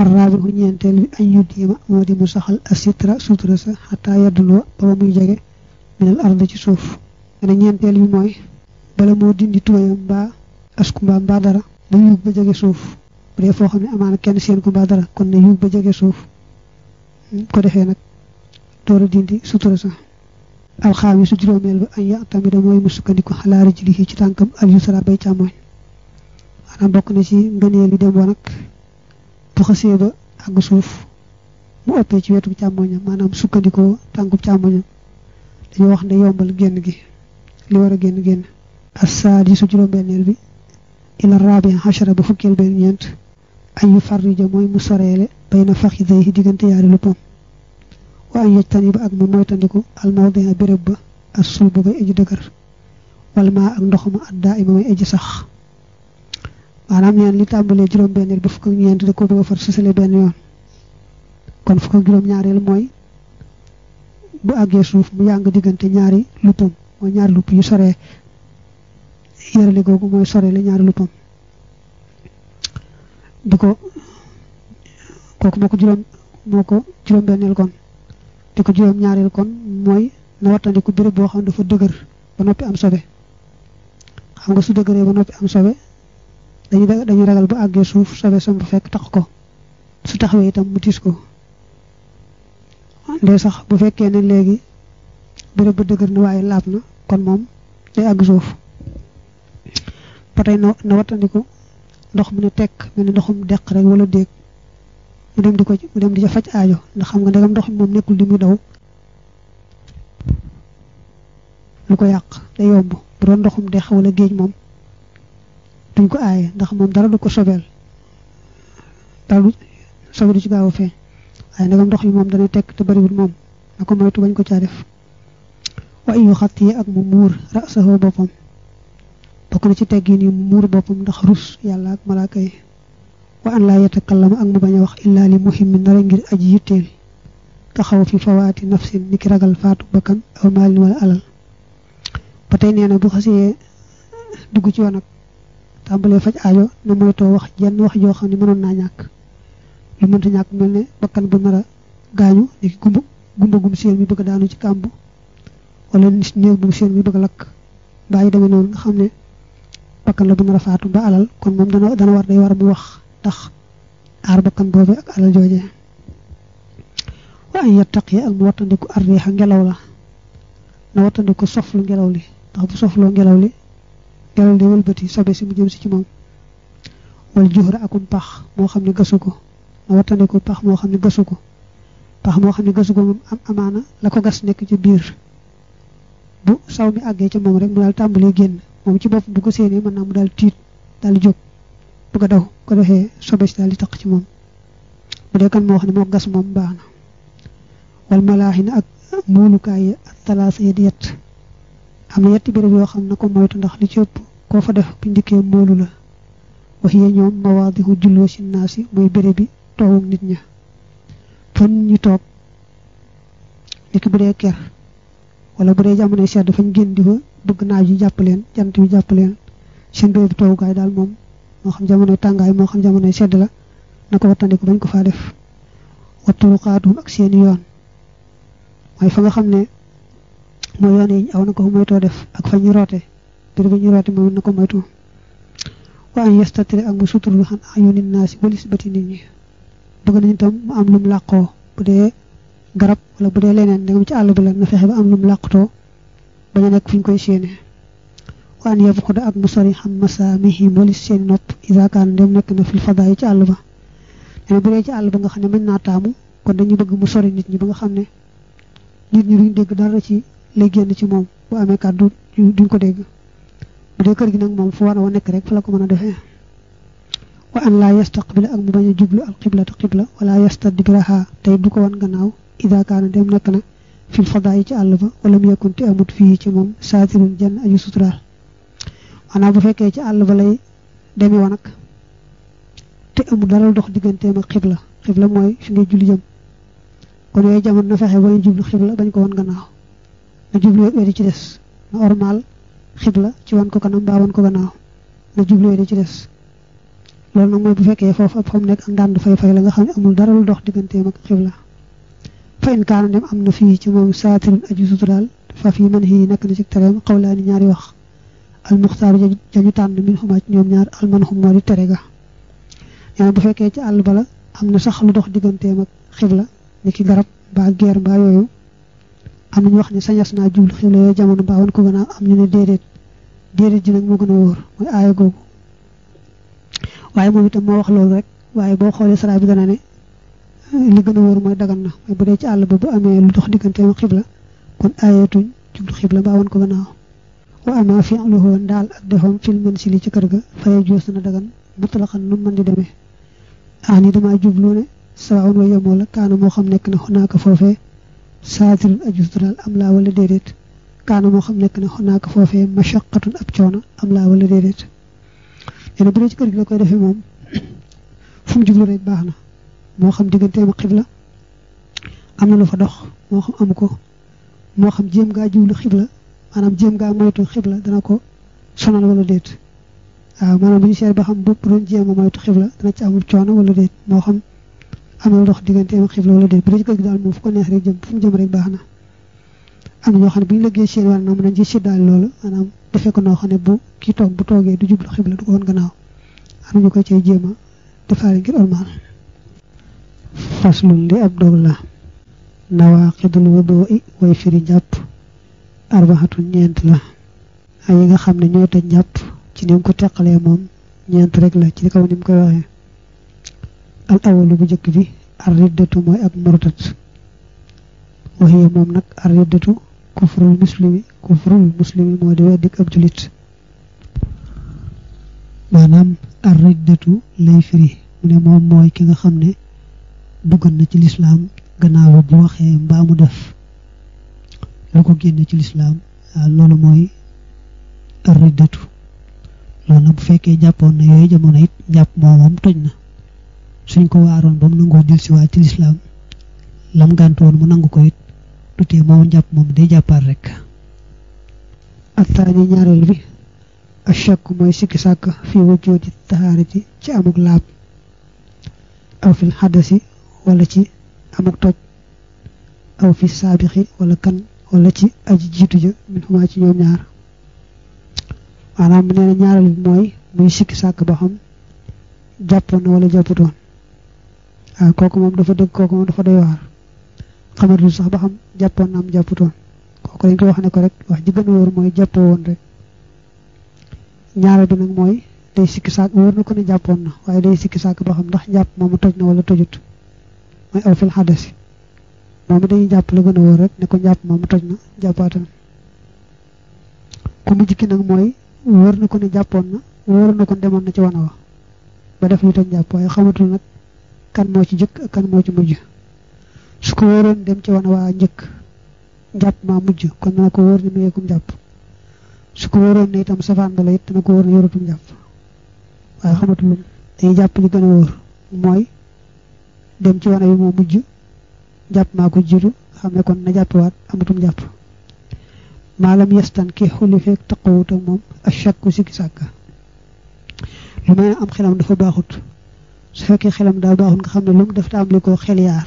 arraabi bu ñeenteel bi añ yu diima moo di mu saxal asitra sutura sa xataa yadduloo ba ba muy jege minal ard ci suuf mene ñeenteel bi mooy bala moo dindi tubayam mbaa asku mbaa mbaa dara na yuug ba jege suuf bu dee foo xam ne amaana kenn seen ko mbaa dara kon na yuug ba jege suuf hmm, ko defee nag door a dindi sutura sa alxaami su juróomeel ba añ ya tamit mooy mu sukkandiku xalaari ji li ci tànkam al yusra bay càmmoñ maanaam bokk na ci ngëneel bu xasee ba àgg suuf mu ëppee ci wetu càmmoñam maanaam sukkandikoo tànkub càmmoñam dañoo wax ne yombal génn gi li wara a génn génn assaadi su juróom-benneel bi ila rabi xachara ba fukkeel ak ñeent ay yu farrija mooy mu soreele bay na faxi day diggante yaari luppam wa an yajtani ba ak mu moytandiku almawdia béréb ba ak sulbu bay aji dëgër wala ak ndox ma addaa ima may aji sax maanaam ñeen li tàmbalee juróom-benneel ba fukk ak ñeent da ko bëgg a far sësale benn yoon kon fukk ak juróom-ñaareel mooy bu àggee suuf mu yàng diggante ñaari luppam mooy ñaari lupp yu soree yërale googu mooy sore la ñaari luppam di ko kooku moo ko juróom moo ko juróom-benneel kon ko juróom kon mooy na wattandiku béréb boo xam ne dafa dëgër ba noppi am sobe xam nga su dëgëree ba noppi am sobe dañuy dañuy ragal bu àggee suuf sobe sam bu fekk tax ko su taxawee itam mu tiis ko ndee sax bu fekkee ne léegi bërëb ba dëgër na waaye laab na kon moom day àgg suuf ba na wattandiku ndox mu ne tekk mu ne ndoxum deq rek wala déeg mu dem di ko mu dem di ca faj aajo ndax xam nga ndegam ndox mi moom nekkul di muy daw lu ko yàq day yomb bu doon ndoxum deq wala géej moom duñ ko aaye ndax moom dara ko sobeel dara du sobe du ci gaaw a fee ndox mi moom dana tekk te bariwul moom ko caa def wa yu xat yi ak mu muur rasahu boppam na ci teggin yi muur boppam ndax rus yàlla ak malaaka yi wa an laa yatakallama ak mu bañ a wax illaa li muhimmin nara ngir aji yitteel ka xaw fi fawaati nafsin ni ki ragal faatu bakkan aw maalin wala alal ba tey nee bu xasee dugg ci wanag tàmbalee faj aajo na moytoo wax jenn wax joo xam ne mënoon naa ñàkk lu mënta ñàkk mel ne bakkan bu nar a gaañu niki gumba gumba gum seen bi bëgg daanu ci kàmb wala nit bu seen bi bëgg lakk mbaa yi demee noonu nga xam ne bakkan la faatu ba alal kon moom dana dana war day war wax tax aar bakkan boobe ak alal jooje wa an yattaqi ak mu wattandiku arriixa ngelaw la na wattandiku soflu ngelaw li ndax bu sofloo ngelaw li teral di wëlbati sobe si mu jëm si ci moom wal juhra akum pax moo xam ne gasu ko na wattandiku pax moo xam ne gasu ko pax moo xam ne gasu ko moom am amaana la ko gas nekk ci biir bu saw mi àggee ci moom rek mu daal tàmbalee génn moom ci bopp bu ko séenee mën na mu daal tiit daal jóg bu ko daw sobe si daal di taq ci moom bu dee kan moo xam ne moo gas moom baax na wal malaaxina ak muulukaay yi ak talaasa yi di yett am na yetti béréb yoo xam ne ko moytu ndax li ci ëpp koo fa def bu njëkkee moolu la wax yee ñoom mawaadihu julloo si naasi mooy béréb bi tooguk nit ña fan ñu toog nit ki bu dee ker wala bu dee jamono sedd fañ génn di ko bëgg naaj yu jàpp leen jant yu jàpp leen seen béréb bi toogukaay daal moom moo xam jamonoy tàngaay moo xam jamonoy sedd la na ko wattandiku bañ ko faa def watturuqaatum ak seeni yoon mooy fa nga xam ne mooy yoon yi aw na ko moytoo def ak fa ñu roote bir bi ñu roote na ko moytu waaye yestatiri ak mu suturlu xan ayunin naa si walis bëti nit ñi bëgg nañu tam mu am lum làqoo bu dee garab wala bu dee leneen ndegam ci àll bi la na fexe ba am lum làqutoo bañ a nekk fu ñu koy séenee waan yeb xuda ak mu sori xam masaamihim walis seeni nopp isakaan dem nekk na fil fadaa yi ci àll ba dene bu dee ci àll ba nga xam ne mën naa taamu kon dañu bëgg mu sori nit ñi ba nga xam ne nit ñi duñ dégg dara ci lay génn ci moom bu amee kàddu duñ ko dégg bu dee kër gi nag moom fu war a nekk rek fa la ko mën a defee wa an laa yastaqbila ak mu bañ a jublu al qiblata qibla wala yastadbiraha tey du ko wan gannaaw ida kaana dem nekk na fil fadaa yi ci àll ba wala mu yekkoon te amut fii ci moom saatirun jenn aju suturaal maanaam bu fekkee ci àll ba lay demee woon ak te amul dara dox digganteem ak xibla xibla mooy fi ngay julli jëm kon yooyu jamono na fexe bañ jublu xibla bañ ko wan gannaaw la jubluwee ci des na ormal xibla ci wan ko kanam mbaa wan ko gannaaw la jubluwee ci des loolu nag mooy bu fekkee foofu ab xam nekk ak ndànd fay-fay la nga xam ne amul dara lu dox digganteem ak xibla fayin dem am na fii ci moom saatirin aju suturaal fa fii man hii nekk na ci tereem xawlaani ñaari wax almuxtaar jañu tànn min xuma ci ñoom ñaar alman xum moo di tere ga ñaane bu fekkee ci àll bala am na sax lu dox digganteem ak xibla ni ki garab mbaa geer mbaa yooyu am ñu wax ne sañas naa jublu xibla yooyu jamono mbaa wan ko gën am ñu ne déedéet déedéet ji nag moo gën a wóor mooy aaya googu waaye moom itam moo wax loolu rek waaye boo xoolee saraa bi dana ne eh, li gën a wóor mooy daggan na mooy bu dee ci àll ba bu amee lu dox digganteem xibla kon aayatuñ jublu xibla mbaa wan ko waa wa ama fi am loxoon daal ak defoom fil mën si li ci kër ga faye joos na dagan mutlaqan nu mën di demee ah ni dama jublu ne moo xam nekk na xunaaka saatirun aju suturaal am laa wala déedéet kaana moo xam nekk na naa ko foofee mashaqatun ab coono am laa wala déedéet nee na bu dee ci kër gi la koy defee moom fu mu jublu rek baax na moo xam digganteem xibla am na lu fa dox moo xam ko moo xam jéem gaa jublu xibla maanaam jéem gaa moytu xibla dana ko sonal wala déet waaw maanaam bu ñu seet ba xam bopp doon jéem a moytu xibla dana ci amub coono wala déet moo xam am na ndox digganteem xibla wala déet daal moom fu ko neex rek jëm fu mu ñoo xam ne bu ñu lëggee seen wàll moom dañ ci siddaal loolu maanaam defee ko noo xam ne bu kii toog bu toogee du jublu xibla du ko woon gannaaw am ñu koy cay jéem a defaale ngir ormaal faslun li ab dog la nawaaqidul wudoo'i way firi jàpp arbaxatun ñeent la ay yi nga xam ne ñoo tëj jàpp ci ni ko teqalee moom ñeent rek la ci kaw ni koy waxee al awalu bu njëkk bi ar riddatu mooy ak murtat waxiye moom nag ar riddatu kufrul muslimi kufrul muslimi moo di weddik ab julit maanaam ar lay firi mu ne moom mooy ki nga xam ne duggan na ci lislaam gannaaw bu waxee mbaa def lu ko génne ci lislaam ah, loolu mooy ar riddatu bu fekkee jàppoon na yooyu jamono jàpp moomam toj na suñ ko waaroon ba mu nangoo dil si waat ci lislaam lam gàntu woon mu nangu ko it tutee moom moom day jàppaat rek attaani ñaareel bi achak mooy sikki sàkk fii wujjoodi taxaarati ci amuk laab aw fil xadasi wala ci amuk toj aw fi saabixi wala kan wala ci aji jiitu ja min ci ñoom ñaar maanaam nee na ñaareel bi mooy muy sikki sàkk ba xam jàppoon na wala jàpputoon waaw kooku moom dafa dëgg kooku moom dafa doy waar xamatul sax ba xam jàppoon na am jàpputoon kooku dañ koy wax ne ko rek wax ji gën a wóor mooy jàppoo woon rek ñaareel bi nag mooy day sikki saak wóor na ko ne jàppoon na waaye day sikki saak ba xam ndax jàpp moomu toj na wala tojut mooy aw dañuy jàpp lu gën a rek ne ko jàpp moomu toj na jàppaatam ku mujj ki nag mooy wóor na ko ne jàppoon na wóor na ko demoon na ci wana wa ba def lu toj jàpp waaye xamatul nag kan moo ci njëkk kan moo ci mujj su ko wóoroon dem ci wan waa njëkk njàpp maa mujj kon dana ko wóor ni mu yeegum njàpp su ko wóoroon ne itam safaan ba la it ko wóor ne yoratum njàpp waaye ci wana wi moo mujj xam ne kon na jàppiwaat amatum njàpp maalam yestan ki xulli feek taqawut ak moom achakku sikki sàkka lu may am xelam dafa baaxut su fekkee xelam daa baaxul nga xam ne lu mu def daa am lu ko xel yaar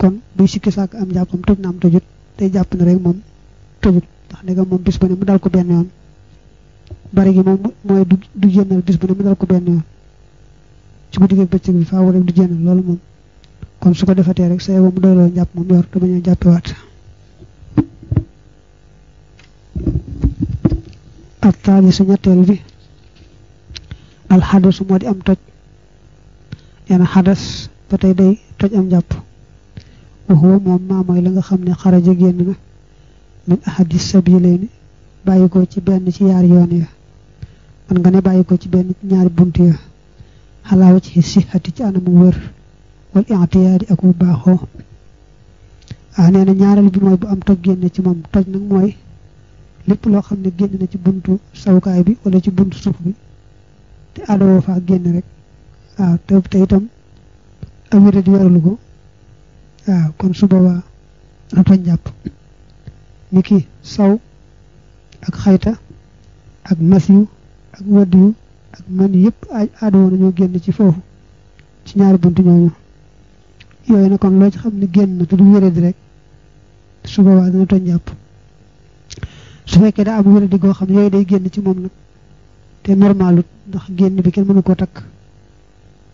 kon buy sikki sàkk am jàppam toj na am tojut day jàpp ne rek moom tojut ndax ndegam moom bis bu ne ko benn yoon bari gi moom mooy du ko benn yoon ci guddi du génnal loolu moom kon su ko defatee rek sa yow mu doyloo njàpp moom yor te bañ a jàppewaat ak su ñetteel bi moo di am toj nee na xadas ba tey day toj am jàpp waxuwa moom maa la nga xam ne xaraja génn na min ahadis sabilayni bàyyi ko ci benn ci yaar yoon ya man nga ne bàyyi ko ci benn ñaari bunt ya xalaawa ci sihati ci anamu wër wal i'tiyaadi ak bu baaxoo ah nee na ñaareel bi mooy bu am toj génn ci moom toj nag mooy lépp loo xam ne génn na ci buntu sawukaay bi wala ci buntu suuf bi te adoo faa génn rek waaw te te itam am wér di waralu ko waaw kon su boobaa na toñ jàpp ni sow ak xayta ak masiw ak wadiyu ak man yëpp aada woon nañoo génn ci foofu ci ñaari bunt ñooñu yooyu na kon loo ci xam ne génn te du wéré di rek su waa dana toñ jàpp su fekkee daa am wéré di goo xam ne yooyu day génn ci moom nag te normalut ndax génn bi kenn mënu koo takk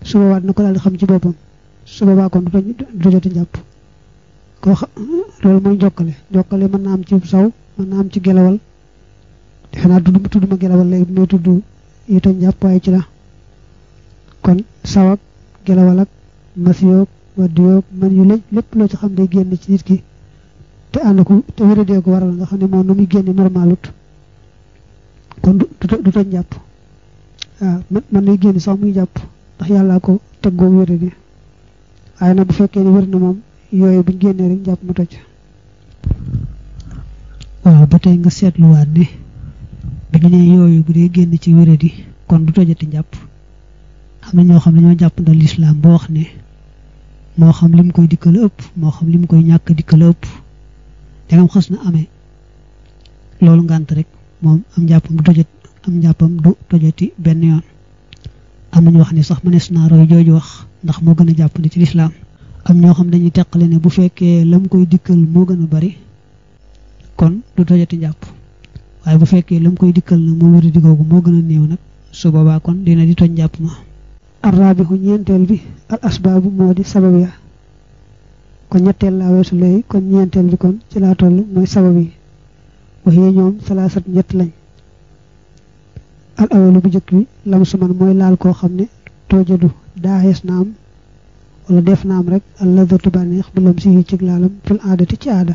su boobaa ko daal di xam ci boppam su boobaa kon du ta jot jàpp koo xam loolu mooy jokkale jokkale mën na am ci saw mën na am ci gelawal defe naa tudd gelawal léegi bi may tudd ita njàpp waaye ci la kon saw ak yu lëj lépp loo ci xam day génn ci nit ki te ànd te ko waral nga ne moom nu muy génne normalut kon du du ta njàpp waaw man man lay génn sax muy jàpp ndax yàllaa ko teggoo wéra di waaye nag bu fekkee ne na moom yooyu buñ génnee rek jàpp mu waaw ba tey nga seetluwaat ne bi ñu ne yooyu bu dee génn ci wéra di kon du tojati njàpp xam na ñoo xam ne ñoo jàpp na lislaam boo wax ne moo xam lim koy dikkal ëpp moo xam lim koy ñàkk dikkal ëpp dangam xas na amee loolu ngànt rek moom am njàppam du tojat am njàppam du tojati benn yoon am nañu wax ni sax mënees naa roy jooju wax ndax moo gën a jàpp ni ci lislaam am ñoo xam dañuy teqale ne bu fekkee lam koy dikkal moo gën a bari kon du tojati njàpp waaye bu fekkee lam koy dikkal na moo wér di moo gën a néew nag su boobaa kon dina di toj njàpp ma arrabixu ñeenteel bi al asbaabu moo di sabab ya kon ñetteel laa weesu léegi kon ñeenteel bi kon ci laa toll mooy sabab yi waxee ñoom salaasat ñett lañ al awalu bu njëkk bi lam su man mooy laal koo xam ne toojadu daaxees na am wala def na am rek al ladatu bànneex bu lam si yi cig laalam fil aadati ci aada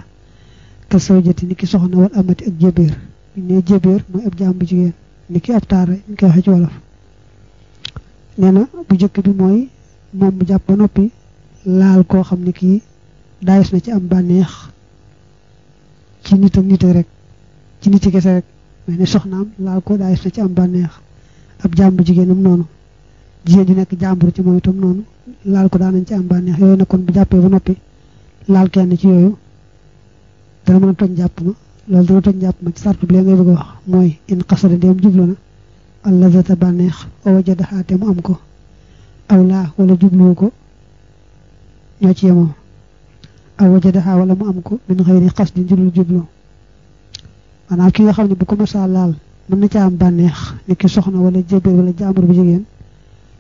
ka sawjati ni ki soxna wal amati ak jébéer ñu ne jébéer mooy ab jaam bu jigéen ni ki ab taar ñu koy waxee ci wolof nee na bu njëkk bi mooy moom mu jàpp ba noppi laal koo xam ne kii daayees na ci am bànneex ci nit ak nit rek ci nit rek mel ne soxnaam laal ko daay na ci am bànneex ab jàmbu jigéenam noonu jigéen di nekk jàmbur ci moom itam noonu laal ko daan nañ ci am bànneex yooyu nag bu jàppee ba noppi laal kenn ci yooyu dana mën a toj jàpp ma loolu dana toj jàpp ma ci sart bi lee ngay bëgg mooy in xasada dem jublu na allazata bànneex wa wajadaha te mu am ko aw laa wala jubluwu ko ñoo ci yemoo aw wajadaha wala mu am ko min xëyri xas di jublu jublu maanaam ki nga xam ne bu ko mosaa laal mën na ca am bànneex ni ki soxna wala jëbër wala jàmbur bu jigéen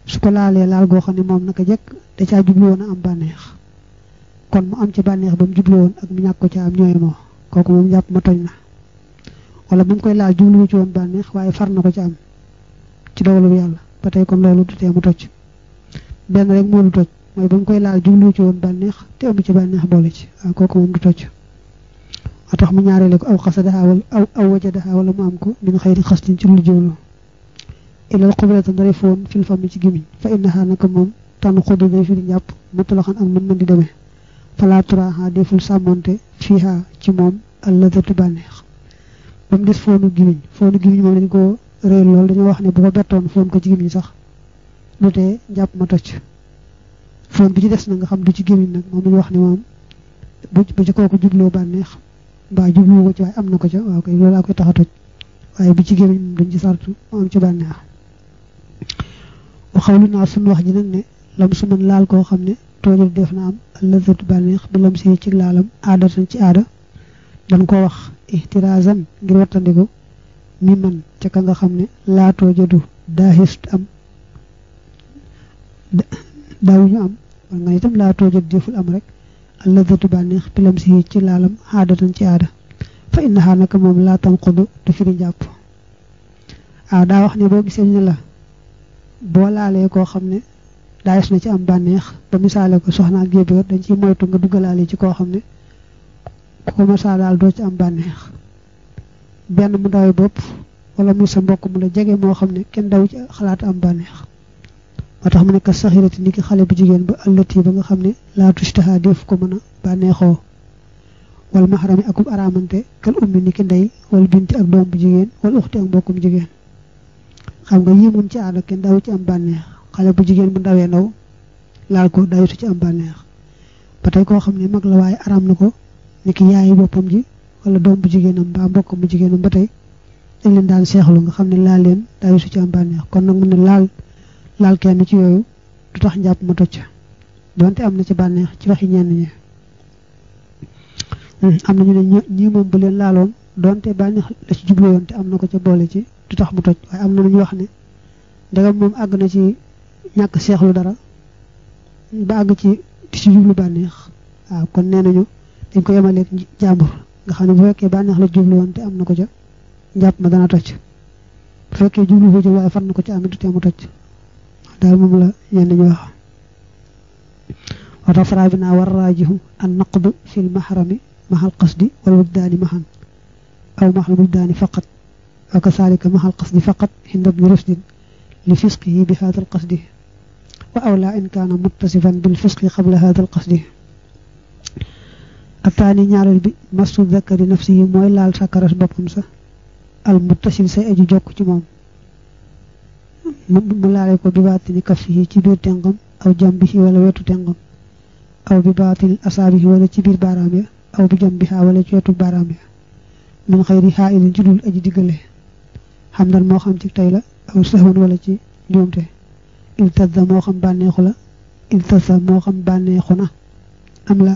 su ko laalee laal goo xam ne moom naka jekk da caa jublu woon a am bànneex kon mu am ci bànneex ba mu jublu woon ak ñàkk ca am ñooy moo kooku moom jàpp ma toñ na wala koy laal jublu ci woon bànneex waaye far na ko ci am ci dogalu yàlla ba tey comme loolu du tee mu toj benn rek moo lu toj mooy ba mu koy laal jublu ci woon bànneex te amu ci bànneex boole ci waaw kooku moom du toj a tax mu ñaareele ko aw xasadaha wala aw aw wajadaha wala mu am ko min xayri ci lu jublu ilal xublata dara foon fil fami ci gimiñ fa innaha naka moom tànn xudd day firi njàpp mutlaxan ak mën mën di demee fala turaha deful sàmmonte ci moom alladatu bànneex ba mu des foonu gimiñ foonu gimiñ moom dañ ko réer dañoo wax ne bu ko ko ci gimiñ sax lu tee njàpp ma toj foon bi ci des na nga xam du ci gimiñ nag moom dañu wax ni moom bu ci kooku jubloo bànneex mbaa jubluwu ko ci waaye am na ko ca koy tax a waaye bi ci gémmiñ moom dañ ci sartu mu am ci bànneex wa xawlu naa suñu wax ji nag ne lam su laal koo xam ne toojal def na am lëzatu bànneex bi si ci laalam aadatan ci aada dañ ko wax ihtirazan ngir wattandiku nga xam ne laa toojadu daahist am daawuñu am war nga itam laa toojadu deful am rek alladatu bànneex pilam si ci laalam aadatan ci aada fa innaha naka moom laa tanqudu du firi jàpp waaw daa wax ne boo gisee ñu la boo laalee koo xam ne daayes na ci am bànneex ba misaale ko soxna ak dañ ci moytu nga duggalaale ci koo xam ne ku ko masaa daal doo ci am bànneex benn mu dawi bopp wala muy sa mbokk mu la jege moo xam ne kenn daw ci xalaat am bànneex moo tax mu ne ka saxirati ni ki xale bu jigéen ba allati ba nga xam ne laa tushtaha def ko mën a bànneexoo wal maxarami akub araamante kal ummi ni ki ndey wal binti ak doom bu jigéen wal uxti ak mbokkum jigéen nga yii ci aada kenn daawu ci am bànneex xale bu jigéen bu ndawee ndaw laal ko daawutu ci am bànneex ba tey koo xam ne mag la waaye araam na ko ni ki yaayi boppam ji wala doom bu jigéenam mbaa mbokkum bu jigéenam ba tey dañ leen daan seexlu nga xam ne laal leen daawutu ci am bànneex kon nag mu ne laal laal kenn ci yooyu du tax njàpp ma toj donte am na ci bànneex ci waxi ñenn ñi hmm. am na ñu ne ñii moom bu leen laaloon donte bànneex la ci jublu woon te am na ko ca boole ci du tax mu toj waaye am na lu ñu wax ne ndegam moom àgg na ci ñàkk seexlu dara ba àgg ci di ci bànneex waaw kon nee nañu dañ ko yemaleeg jàmbur nga xam ne bu fekkee bànneex la jublu woon te am na ko ca njàpp ma dana toj bu fekkee jublu ko waaye fan na ko ca amit du tee mu toj daal moom la yenn ñu wax wata fara bi naa war raajihu an naqdu fi l mahrami mahal qasdi wal wujdaani mahan aw mahal wujdaani faqat wa kasaalika mahal qasdi faqat inda bni rusdin li fisqihi bi haadal qasdi wa awlaa in kaana muttasifan bil fisqi qabla haadal qasdi ataani ñaareel bi masu zakari nafsi yi mooy laal sa karas boppam sa al muttasil say aju jokk ci moom mu mu laale ko bi baatini kaf yi ci biir tengam aw jàmbi yi wala wetu tengam aw bi baatin asaabi yi wala ci biir baaraam ya aw bi jàmbi xaa wala ci wetu baaraam ya min xëyri xaa ilin ci dul aji diggale xam dan moo xam ci tey la aw saxun wala ci njuumte il tasa moo xam bànneexu la il tasa moo xam bànneexu na am la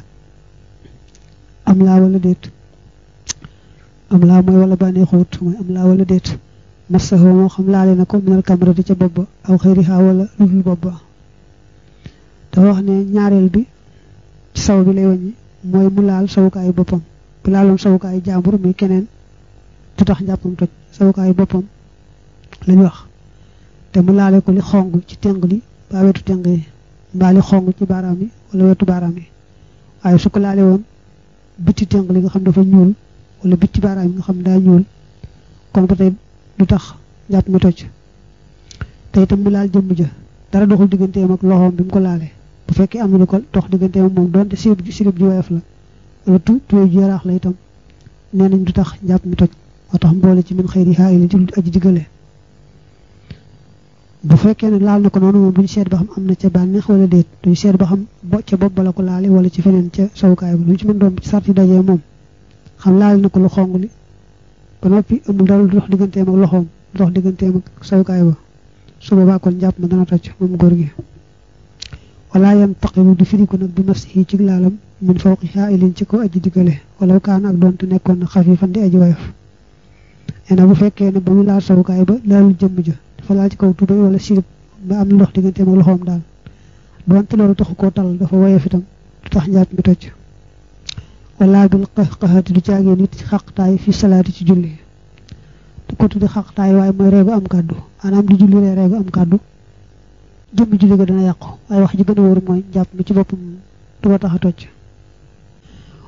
am laa wala déet am laa mooy wala bànneexuwut mooy am laa wala déet nafsahu moo xam laale na ko minal kamrati ca bopp ba aw xëyriha wala lu dul bopp ba dafa wax ne ñaareel bi ci saw bi lay wàññi mooy mu laal sawukaayu boppam bi laaloon sawukaayu jàmbur muy keneen du tax njàppam toj sawukaayu boppam lañu wax te mu laale ko li xong ci teng li ba wetu teng yi mbaa li xong ci baaraam yi wala wetu baaraam yi waaye su ko laale woon bitti teng li nga xam dafa ñuul wala bitti baaraam yi nga xam daa ñuul kon ba tey lu tax jàpp ma toj te itam mu laal jëmm ja dara doxul digganteem ak loxoom bi mu ko laalee bu fekkee am na lu ko dox digganteem ak moom donte sirib sirib ji woyof la wala tu tuye ji yaraax la itam nee nañ du tax jàpp mi toj moo tax mboole ci min xëy na yi ci lu aji bu fekkee ne laal na ko noonu moom duñ seet ba xam am na ca bànneex wala déet duñ seet ba xam bo ca bopp ba la ko laale wala ci feneen ca sowukaay bi lu ci mën doon ci sart dajee moom xam laal na ko lu xong li ba noppi amul dara lu dox digganteem ak loxoom dox digganteem ak sawukaay ba su boobaa kon jàpp ma dana toj moom góor gi wala yan taqibu du firiku nag bi nafsihi ci laalam min fawqi xaailin ci ko aji digale wala kaan ak dont nekkoon na xafifan di aji woyof nee bu fekkee ne ba mu laal sawukaay ba laalul jëm ja dafa laal ci kaw tubéy wala sirib ba am na dox digganteem ak loxoom daal doonte loolu taxu ko tal dafa woyof itam tax njaat mi toj laa bil qaxqaxati du caagee nit xaqtaay fi salaati ci julli du ko tudde xaqtaay waaye mooy reegu am kàddu maanaam di julli ree reegu am kàddu jëmm julli ko dana yàqu waaye wax ji gën mooy jàpp mi ci boppam du ko tax a toj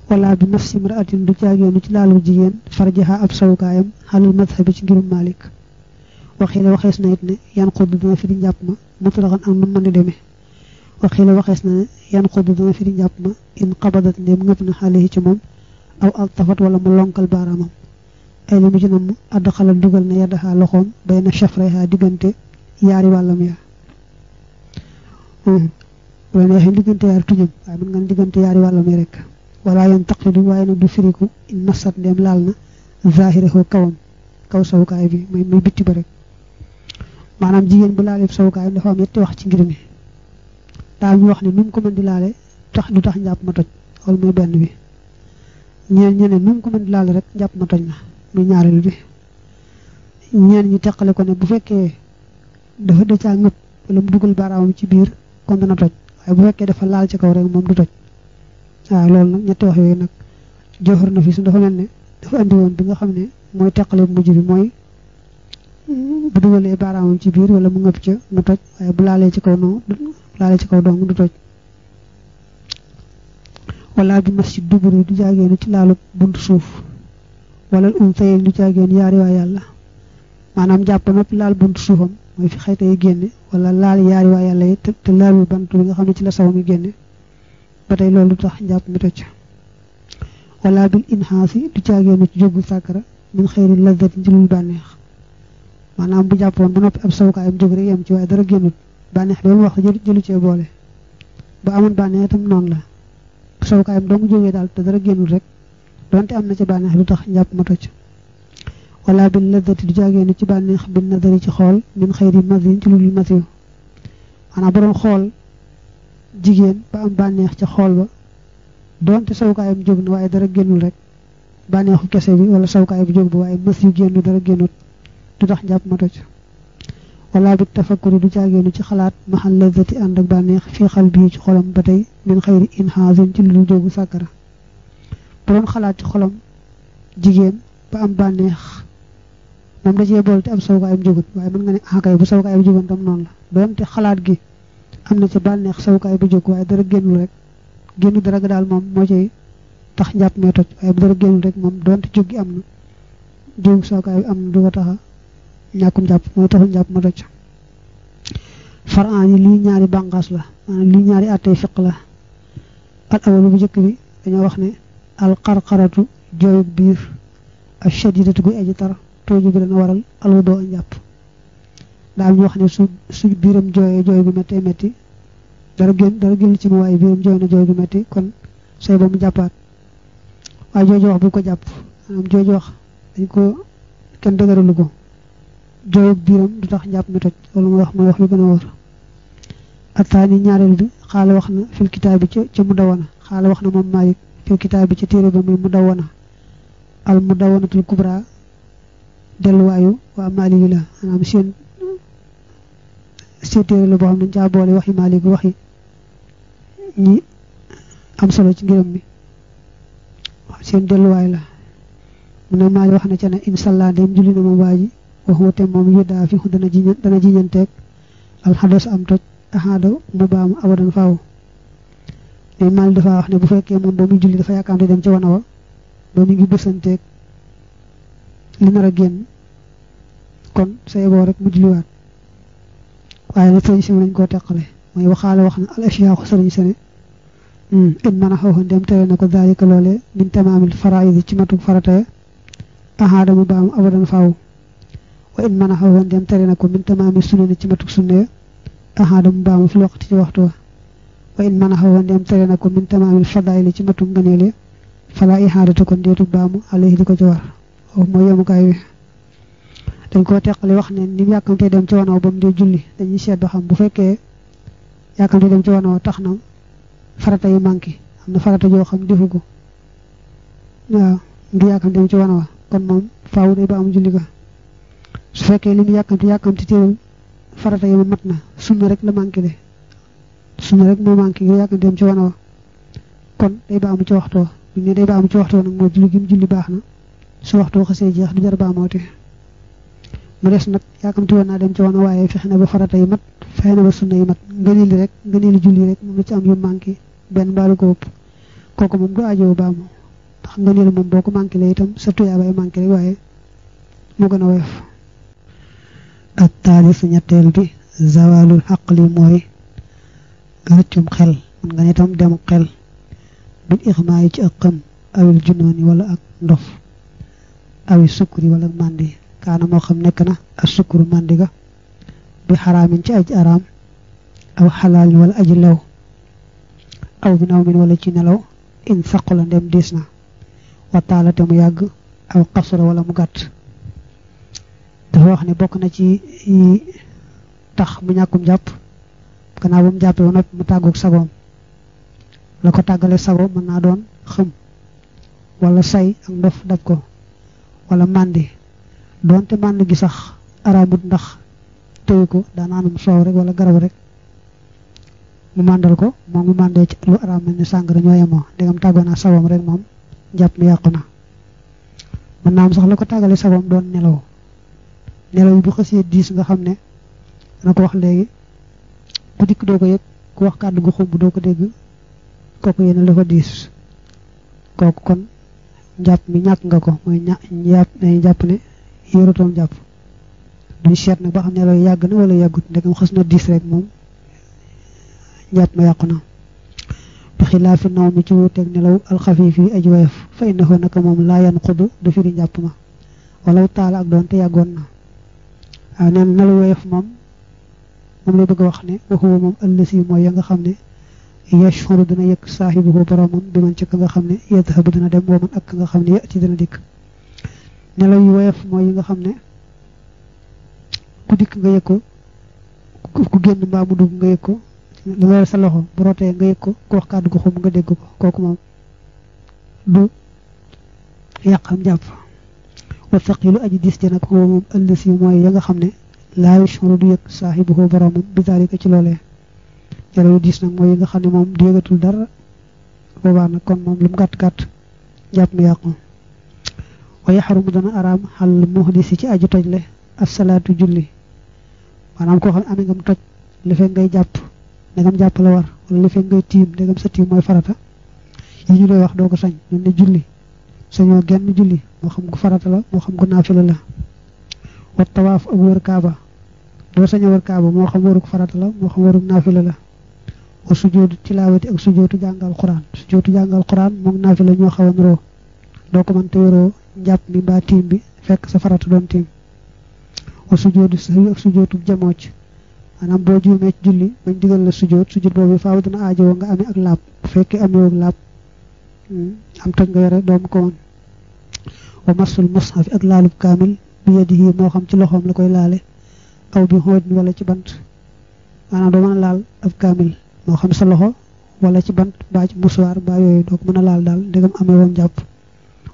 wala bi nafsi imraatin du caagee nit ci laalu jigéen farjaha ab sawukaayam xalul madhabi ci ngirum Maalik waxee ne waxees na it ne yan xub bi dina fi di njàpp ma mutlaqan ak nu mën di demee waxila waxees na ne yan xuddu dana firi njàpp ma in xabadat ndéem ngëpp wala mu lonkal baaraamam ay li ci nam àdd xalal dugal na yaddaxaa loxoom bay na chafreha diggante yaari wàllam ya hmm. bu la neexee diggante yaari tuñum waaye mën nga diggante yaari wàllam ya rek wala yan taqidu waaye nag du firiku in nasat ndéem laal na zahirahu kawam kaw sawukaay bi may muy bitti ba rek maanaam jigéen bu laalee sawukaay bi dafa am wax ci ngir mi daa ñu wax ne nu mu ko mën di laale tax du tax njàpp ma toj loolu muy benn bi ñeen ñene nu mu ko mën di laale rek njàpp ma toj na muy ñaareelu bi ñeen ñi teqale ko ne bu fekkee dafa dëccaa ngëpp wala mu dugal baaraamam ci biir kon dana toj laal ci kaw rek moom du toj waaw loolu nag ñetti na fi dafa mel ne bi nga xam ne mooy teqale mujj bi mooy bu dugalee baaraamam ci biir wala mu ngëpp ca mu toj waaye bu laalee ci kaw noonu laale ci kaw dong du toj wala bi masjid duburi du jaageenu ci laalu buntu suuf wala um tayeen du jaageenu yaari waay yàlla maanaam jàpp noppi laal buntu suufam mooy fi xayta yi génne wala laal yaari waay yàlla yi te laalul bant bi nga xam ne ci la saw mi génne ba tey loolu tax njàpp mi toj wala bil inhaasi du jaageenu ci jógul sàkkara min xëyri lazat njilul bànneex maanaam bu jàppoon ba noppi ab sawkaayam jóg rek yem ci waaye dara génnut bànneex ba mu wax jëlu cee boole ba amoon bànneex tam noon la sowkaayam dong jógee daal te dara génnul rek donte am na ci bànneex lu tax njàpp ma toj wala bi nadati du jaageenu ci bànneex bi nadari ci xool min xëyri masin ci lulul masiw maanaam bu doon xool jigéen ba am bànneex ca xool ba donte sowkaayam jóg na waaye dara génnul rek bànneexu kese bi wala sowkaay bu jóg ba waaye masiw génnu dara génnut du tax njàpp ma toj wala bi tafakkuri du caageenu ci xalaat mahal lazati ànd ak bànneex fii xal bii ci xolam ba tey min xayri inhaasin ci lu jógu sàkkara bu doon xalaat ci xolam jigéen ba am bànneex moom da cee boole te am sawukaayam jógut waaye mën nga ne akay ah bu sawukaayam jógoon tam noonu la doonte xalaat gi am na ca bànneex sawukaay ba jóg waaye dara génnul rek génn dara ga daal moom moo cay tax njàpp mee toj waaye bu dara génnul rek moom doonte jóg gi am na jóg sawukaay bi am na du ko taxa ñàkkum jàpp mooy taxul jàpp ma doj faran yi lii ñaari bànqaas la maanaam lii ñaari àttey fiq la al awalu bu njëkk bi dañoo wax ni al qarqaratu jooyub biir ak shadidatu guy aji tar tooju bi dana waral alwudoo ak njàpp daa am ñu wax ne su su biiram jooyee jooy bu méttee métti dara ci mu waaye biiram jooy na bu métti kon say ba mu jàppaat waaye jooju wax bu ko jàpp maanaam jooju wax dañ ko kenn dëgëralu ko doyug biiram du tax njàpp mi toj loolu mooy wax mooy wax yu gën a wóor attaani ñaareel bi xaala wax na fil kitaab bi ca ca mu dawana xaala wax na moom Maalik fil kitaab bi ca téere ba muy mu dawana al mu dawanatul kubra delluwaayu waa Maalik yi la maanaam seen seen téere la boo xam solo ci ngërëm mi seen delluwaay la mu ne Maalik wax na ca ne inshallah dem julli na moom waa ji waxu te moom yu daa fi dana ji dana jiñanteeg alxadas am toj axaada mu baam abadan faaw mais mal dafa wax ne bu fekkee moom ba muy julli dafa yàkkamte dem ci wana wa ba mu ngi bësanteeg li nar a génn kon say boo rek mu julliwaat waaye nag sëriñ koo teqale mooy wax na al asiyaaxu sëriñ sene hmm, in man a xaw xan dem tere na ko daalika loole min tamaamil faraayidi ci matuk farata ya axaada mu baam abadan faaw wa in mën a xaw woon dem tere na ko min tamaami sunna ci matuk sunna ahada mu baamu fi waxtu ci waxtu wa wa in mën a xaw woon dem tere na ko min tamaami fadaayili ci matuk yi falaa te kon deetu baamu alayhi li ko ci war woowu mooy yemukaay wi dañ koo teqale wax ne ni yàkkamtee dem ci wanoo ba mu dee julli dañuy seet ba xam bu fekkee yàkkamtee dem ci wanoo tax na farata yi manqué am na farata joo xam defu ko waaw ngir ci wanoo kon moom faaw day ba su fekkee li mu yàkkamti yàkkamti teewul farata yi mat na sunna rek la manqué de sunna rek moo manqué ngir yàkkamti dem ci wana wa kon day baamu ci waxtu wa bu ñu ne day baamu ci waxtu wa nag mooy gi julli baax na su waxtu wa xasee jeex du jar baamooti mu des nag yàkkamti woon naa dem ci wana waaye fexe na ba farata yi mat fexe na ba sunna yi mat li rek ngëneel julli rek moom la ci am yu manqué benn mbaalu ko ëpp kooku moom du aajoo baamu ndax ngëneel moom boo ko manqué la itam sa tuyaabay manqué rek waaye moo gën a woyof ak taalif ñetteel bi zawalul xaqli mooy rëccum xel mën nga ne tam dem xel bil ixmaa ci ak xam awil junooni wala ak ndof awi sukkuri wala màndi kaana moo xam nekk na ak sukkuru màndi ga bi xaraamin ci aj araam aw xalaalin wala aji lew aw bi naw min wala ci nelaw in saqula ndem diis na wataala mu yàgg aw xasura wala mu gàtt dafa wax ne bokk na ci tax mu ñàkkum jàpp gannaaw ba mu jàppee ba noppi mu tàggoog sagoom la ko tàggalee sago mën naa doon xëm wala say ak ndof dab ko wala màndi doonte màndi gi sax araamut ndax tëyu ko daa naanum soow rek wala garab rek mu màndal ko moom mu màndee ci lu ni sàngara ñoo yemoo ndegam tàggoo naa sagoom rek moom jàpp mi yàqu na mën naa am sax la ko tàggalee sagoom doon nelaw nelaw yi bu xësee diis nga xam ne dana ko wax léegi ku dikk doo ko yëg ku wax kàddu gu xumb doo ko dégg kooku yéen dafa diis kooku kon njàpp mi ñàkk nga ko mooy ña jàpp jàpp ne yorotoon jàpp duñ seet nag ba xam nelaw yàgg na wala yàggut ndegam xës na diis rek moom njàpp ma yàqu na bi xilaafi naw mi ci wuuteeg nelaw alxafiif yi aji woyof fa innahu naka moom laa yanqudu du firi njàpp ma walaw taal ak doonte yàggoon na waaw ah, neen melu woyof moom wax ne waxuwa moom ya nga xam ne yashuru dana yëg saaxibuhu boromam bi man ci ka nga xam ne yadhabu dana dem woo man nga xam ne dana dikk nelaw yu woyof mooy yi nga xam ne ku dikk nga yëg ko ku génn mbaa mu dugg nga yëg ko lu weer sa loxo bu rotee nga yëg ko ku wax kàddu gu xum nga dégg ko kooku moom du yàq am jàpp wa thaqilu aji diis ja nag xoo moom allësi mooy ya nga xam ne laa yashuru du yëg saaxibuhu boroomam bi daalika ci loolee yàlla lu diis nag mooy yi nga xam ne moom du yëgatul dara boobaa nag kon moom lu mu gàtt gàtt jàpp mu yàqu wa yaxarumu dana araam xal muhdisi ci aju toj le asalaatu julli maanaam ko xam ne am ngam toj li fekk ngay jàpp ndegam jàpp la war wala li fekk ngay tiim ndegam sa tiim mooy farata yi ñu wax doo ko sañ ñu sañoo genn julli moo xam gu farata la moo xam gu naafila la wat tawaaf ak wër kaaba doo sañoo wër kaaba moo xam wërug farata jàngal xuraan sujoodu jàngal xuraan ñoo xaw a doo ko mën te wéroo njàpp mi mbaa tiim bi fekk sa farata doon tiim wa sujoodu jamooc maanaam boo juumee ci julli bañ digal la sujoot sujoot boobu faaw dina aajowoo nga amee ak laab bu fekkee amee ak laab hmm, am toj nga yore doomu ko wa marsul mushaf ak laalub kaamil bi yadihi moo xam ci loxoom la koy laale aw bi xoodin wala ci bant maanaam doo mën a laal ab kaamil moo xam sa loxo wala ci bant baa ci musuwaar baa yooyu doo ko mën a laal daal ndegam amee woon jàpp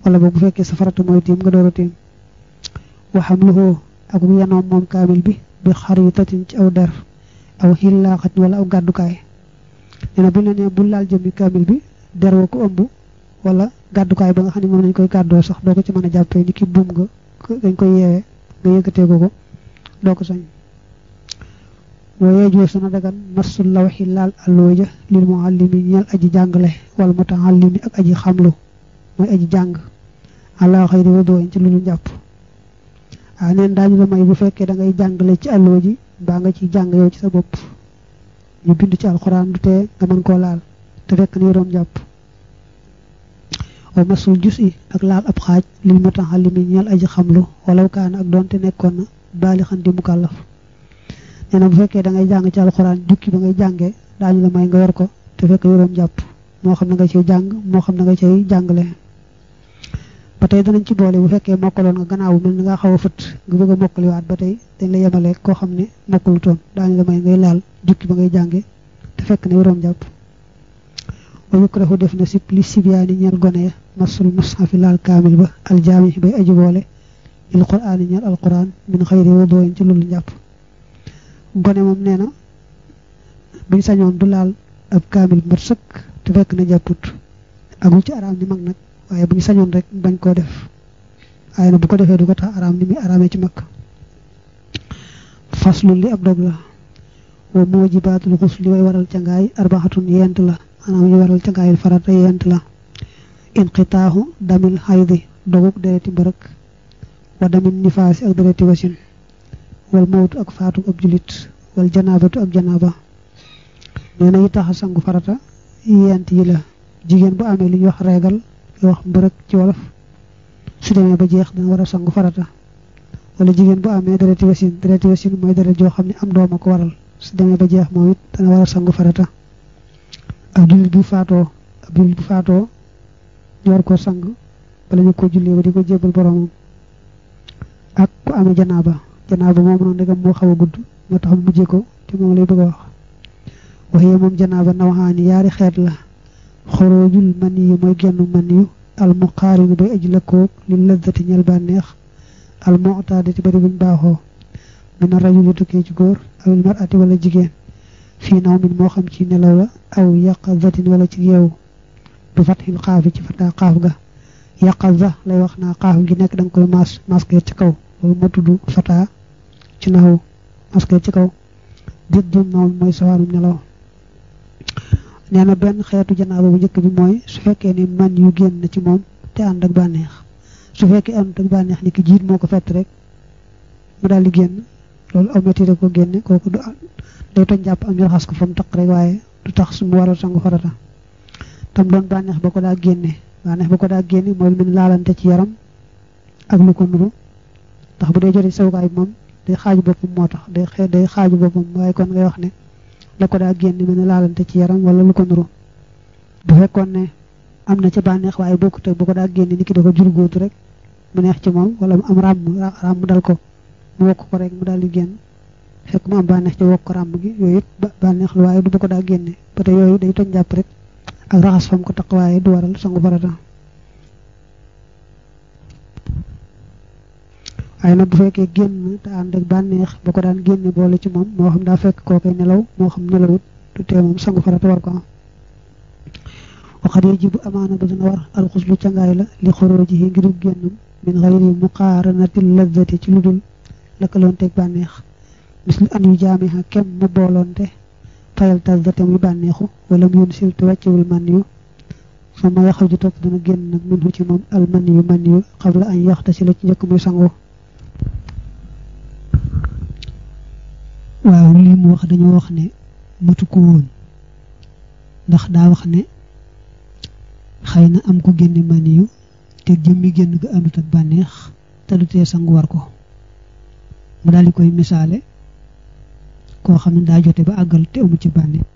wala boobu bu fekkee sa farata mooy tiim nga door a tiim waxam luxoo ak yenoom moom kaamil bi bi xar yu tatin ci aw der aw xillaaxat wala aw gàddukaay nee na bu nee bu laal jëmmi kaamil bi der wa ko ëmb wala gàddukaay ba nga xam ne moom lañ koy gàddoo sax doo ko ci mën a jàppee ni ki buum nga dañ koy yeewee nga yëkkatee ko ko doo ko sañ waaye joo sana dagan masul lawxi laal àllooja lil muallimi ñeel aji jàngale wala mutaallimi ak aji xamlu mooy aji jàng àllaa xëy di wadooñ ci lu ñu jàpp waaw ah, neen daañu la may bu fekkee dangay ngay jàngale ci àlloo ji mbaa nga ci jàng yow ci sa bopp ñu bind ci alxuraan du tee nga mën koo laal te fekk ni yoroom jàpp wa masul jus i ak laal ab xaaj li mutaxallimi ñeel aji xamlu walaw kaana ak doonte nekkoon na baali di mu kàllaf bu fekkee da ngay jàng ci alxuraan jukki ba ngay jàngee daañu la may nga yor ko te fekk yoroom jàpp moo xam na nga cay jàng moo xam na nga cay jàngale ba tey ci boole bu fekkee mokkaloon nga gannaaw mel ni nga xaw a fët nga bëgg a ba tey dañ la yemale koo xam ne mokkalutoon daañu la may ngay laal jukki ba ngay jànge te fekk ne yoroom jàpp wa yukrahu def na sib li sibyaani ñeel gone ya masul mushafi laal kaamil ba aljaami bay aji boole lil quraani ñeel alquran min xayri wudooyin ci loolu njàpp gone moom nee na buñ sañoon du laal ab kaamil mbat sëkk te fekk na jàpput agul ci aram ni mag nag waaye buñ sañoon rek bañ koo def waaye na bu ko defee du ko tax araam ni muy araamee ci mag faslul li wa mujibaatul xusli way waral cangaay arbaxatun yent la maanaam yu waral cangaayul farata yent la inqitaaxu damil xaydi doguk dereti mbërëk wa damil nifaasi ak dereti wasin wal mawtu ak faatu ab julit wal janaabatu ak janaaba nee na yi tax a sangu farata yent yi la jigéen bu amee li ñuy wax reegal li wax mbërëk ci wolof su demee ba jeex dana war a sangu farata wala jigéen bu amee dereti wasin dereti wasin mooy deret joo xam ne am dooma ko waral su demee ba jeex moom it dana war a sangu farata ab jullit bu faatoo ab jullit bu faatoo ñu war koo sang bala ñu ko jullee ba di ko jébbal boromam ak ku amee janaaba janaaba moom noonu ndegam moo xaw a gudd moo tax mu mujjee ko te moom lay bëgg a wax waxee moom janaaba nawaxaani yaari xeet la xoroojul man yi mooy genn man yu al muqaarinu bay aji lëkkoog li lëddati ñel bànneex al muqtaadati bari buñ baaxoo min rajuli tukkee ci góor aw mar'ati wala jigéen fii nawmin moo xam ci nelaw la aw yaqazatin wala ci yeewu bi fat xaafi ci fataa xaaf ga yaqaza lay wax naa xaaf gi nekk da nga koy maas ci kaw loolu moo tudd fataa ci naxu maske ci kaw dit jum nawm mooy sawaanum nelaw nee na benn xeetu janaaba bu njëkk bi mooy su fekkee ni man yu génn ci moom te ànd ak bànneex su fekkee ànd ak bànneex ni ki jiit moo ko fett rek mu daal di génn loolu aw metti da ko génne kooku du day toj jàpp am ñu raxas ko fa mu taq rek waaye du tax su mu waral sangu farata tam doon bànneex ba ko daa génne bànneex ba ko daa génne mooy lu laalante ci yaram ak lu ndax bu dee jotee sawukaay bi moom day xaaju boppam moo tax day xe day xaaju boppam waaye kon ngay wax ne la ko daa génne mel ne laalante ci yaram wala lu ko nuru bu fekkoon ne am na ca bànneex waaye bokkut ak ko daa génne nit ki da ko jur góotu rek mu neex ci moom wala am ràmm ràmm dal ko. wokk ko rek mu daal di génn fekk mu am bànneex ci wokk gi yooyu yëpp bànneex la waaye du ko daa génne ba yooyu day toj jàpp rek ak raxas fam ko taq waaye du waral sangu farata waaye nag bu fekkee génn te ànd ak bànneex ba ko daan génne boole ci moom moo xam daa fekk kookee nelaw moo xam nelawut du tee moom sangu farata war ko am waxat yi jibu amaana ba dina war alxuslu cangaay la li xorooji yi ngir génnam mu xayri na lazzati ci lu dul lëkkaloonteeg bànneex bis lu yu jaameha kem mu booloonte mu yoon sirtu wàccewul man yu su ma yaxal yu man yu xabla an yaxta si ci njëkk muy sangoo dañoo wax ne matu ko ndax daa wax ne xëy na am ko génne man te jëmmi génn ga àndut ak bànneex te du tee sangu ko mu daal di koy misaale koo xam ne daa jote ba àggal te amu ci bànneex